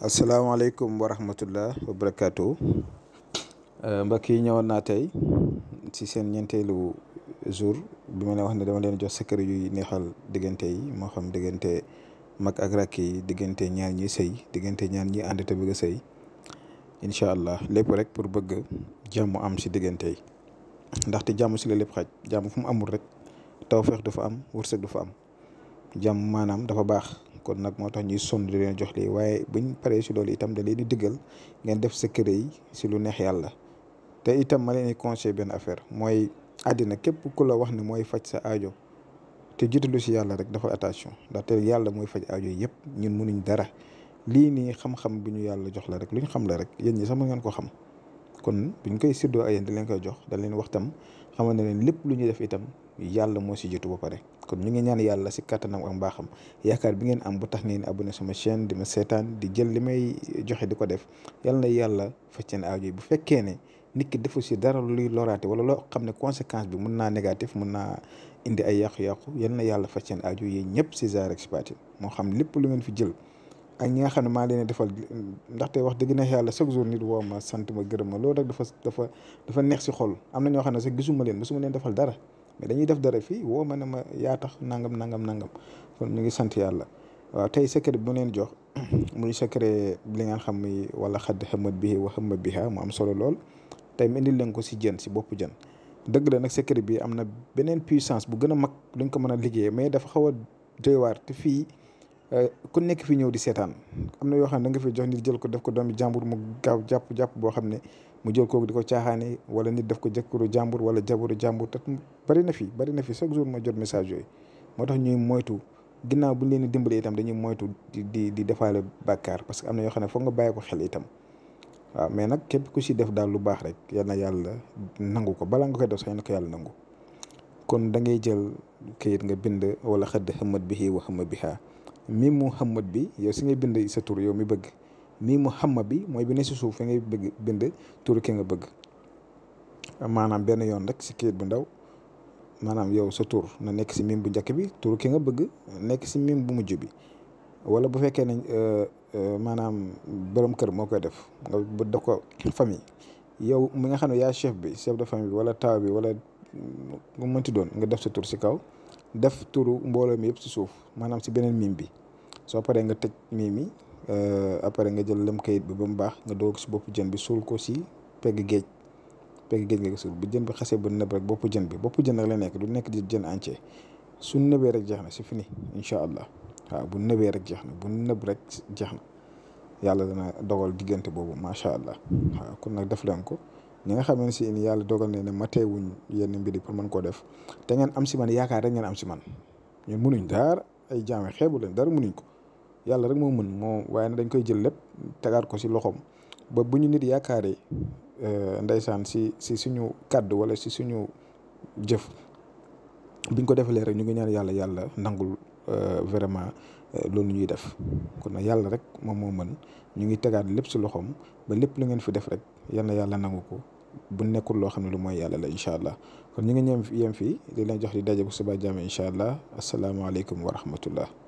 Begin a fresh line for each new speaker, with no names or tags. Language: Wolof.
asalaamaaleykum wa rahmatullah wa barakaatu euh, mbokk yi ñëwoon naa tey ci seen ñeenteelu jour bi ma leen wax ne dama leen jox secret yuy neexal diggante yi moo xam diggante mag ak rakk diggante ñaar ñi sey diggante ñaar ñi ànd te bëgg sey sëy incha allah lépp rek pour bëgg jàmm am ci diggante yi ndaxte jàmm ci la lépp xaj jàmm fu mu amul rek tawfeex du fa am wërsëg du fa am jàmm maanaam dafa baax. kon nak moo tax ñuy son di leen jox li waye buñ paree ci lool itam da leen di dëggal ngeen def sa kër yi ci lu neex yalla té itam ma leen ni conseil ben affaire moy adina képp ku la wax ni moy fajj sa aajo té jittelu ci yalla rek dafa attention té yalla moy fajj aajo yépp ñun mënuñ dara lii ni xam-xam bi yalla jox la rek luñ xam la rek yeen ñi sama ngeen ko xam kon buñ koy siddo ayen di leen koy jox da leen waxtam xamane leen lepp luñu def itam Yalla mo si jitu ba pare kon ñu ngi ñaan yalla ci katanam ak baxam yaakar bi ngeen am bu tax ngeen abonné sama chaîne di ma sétan di jël limay joxe diko def yalla yalla yàlla faj seen bu fekke ne nit ki defu ci dara luy loraate wala lo xam ne conséquence bi mun naa négatif mun naa indi ay yaq yaq yalla na yàlla faj seen aajo yi ñëpp si zaar ak xam lepp lu ngeen fi jël ak ñi nga xamne ma leen defal tay wax deug na yalla chaque jour nit ma ma gëreuma lo rek dafa dafa dafa neex ci xol amna ño xamne sax gisuma leen musuma leen defal dara mais dañuy def dara fii woo ma ne ma yaa tax nangam nangam nangam kon ñu ngi sant yàlla waaw tey secret bi mu leen jox muy secret li ngeen xam muy wala xadd xamat bi wa xamat biha mu am solo lool tey mu indil leen ko si jën si boppu jën dëgg la nag secret bi am na beneen puissance bu gën a mag luñ ko mën a liggéeye mais dafa xaw a doy te fii euh, kon nekk fi ñëw di seetaan am na yoo xam ne da nga fi jox nit jël ko def ko doomi jàmbur mu gaaw jàpp jàpp boo xam ne mu jël kooku di ko caaxaane wala nit def ko jëkkëru jàmbur wala jabaru jàmbur te bari na fi bari na fi chaque jour ma jot message yooyu moo tax ñuy moytu ginnaaw bu ñu leen di dimbale itam dañuy moytu di di defaale bàkkaar parce que am na yoo xam ne foog nga bàyyi ko xel itam waaw mais nag képp ku si def daal lu baax rek yal na yàlla nangu ko balaa nga koy def sax na ko yàlla nangu kon da ngay jël kayit nga bind wala xëdd xamat bi xii wa xamat bi xaa mi mu xamat bi yow si ngay bind sa tur yow mi bëgg mii muhammad bi mooy bi ne si suuf fi ngay bëgg bind turu ki nga bëgg maanaam benn yoon rek si kayit bu ndaw maanaam yow sa tur na nekk si miim bu njëkk bi turu ki nga bëgg nekk si miim bu mujj bi wala bu fekkee ne euh, euh, maanaam borom kër moo koy def nga def ko famille yow mi nga xam ne yaa chef bi chef de famille bi wala taaw bi wala mu mënti doon nga def sa tur si kaw def turu mbooloo mi yëpp si suuf maanaam si beneen miim bi soo paree nga tëj miim yi après nga jël lem kayit bi bam mu baax nga doog ci bopp jën bi sul ko ci pegg géej pegg géej nga sul bu jën bi xasee bu nëb rek bopp jën bi bopp jën rek la nekk du nekk di jën entier su nëbee rek jeex na fini incha allah waaw bu nëbee rek jeex na bu nëb rek jeex na yàlla dana dogal diggante boobu macha allah waaw kon nag def leen ko ñi nga xamante si ni yàlla dogal ne ne wuñ yenn mbir yi pour mën koo def te ngeen am si man yaakaar rek ngeen am si man ñun munuñ daar ay jaam xeebu leen dara munuñ ko yalla rek mo mën mo waye na dañ koy jël lepp tegaat ko ci loxom ba buñu nit nit euh ndaysan si si suñu kaddu wala si suñu jëf biñ ko defalee rek ñu ngi ñaan yalla yalla nangul euh, vraiment euh, loolu ñuy def kon na yalla rek mo mo mën ñu ngi tegaat lepp ci loxom ba lepp lu ngeen fi def rek yalla yalla nanguko bu nekkul loo xam ne lu mooy yàlla la incha allah kon ñu ngi ñeem yem fii di leen jox di daje bu jàmm incha allah asalaamaaleykum wa rahmatullah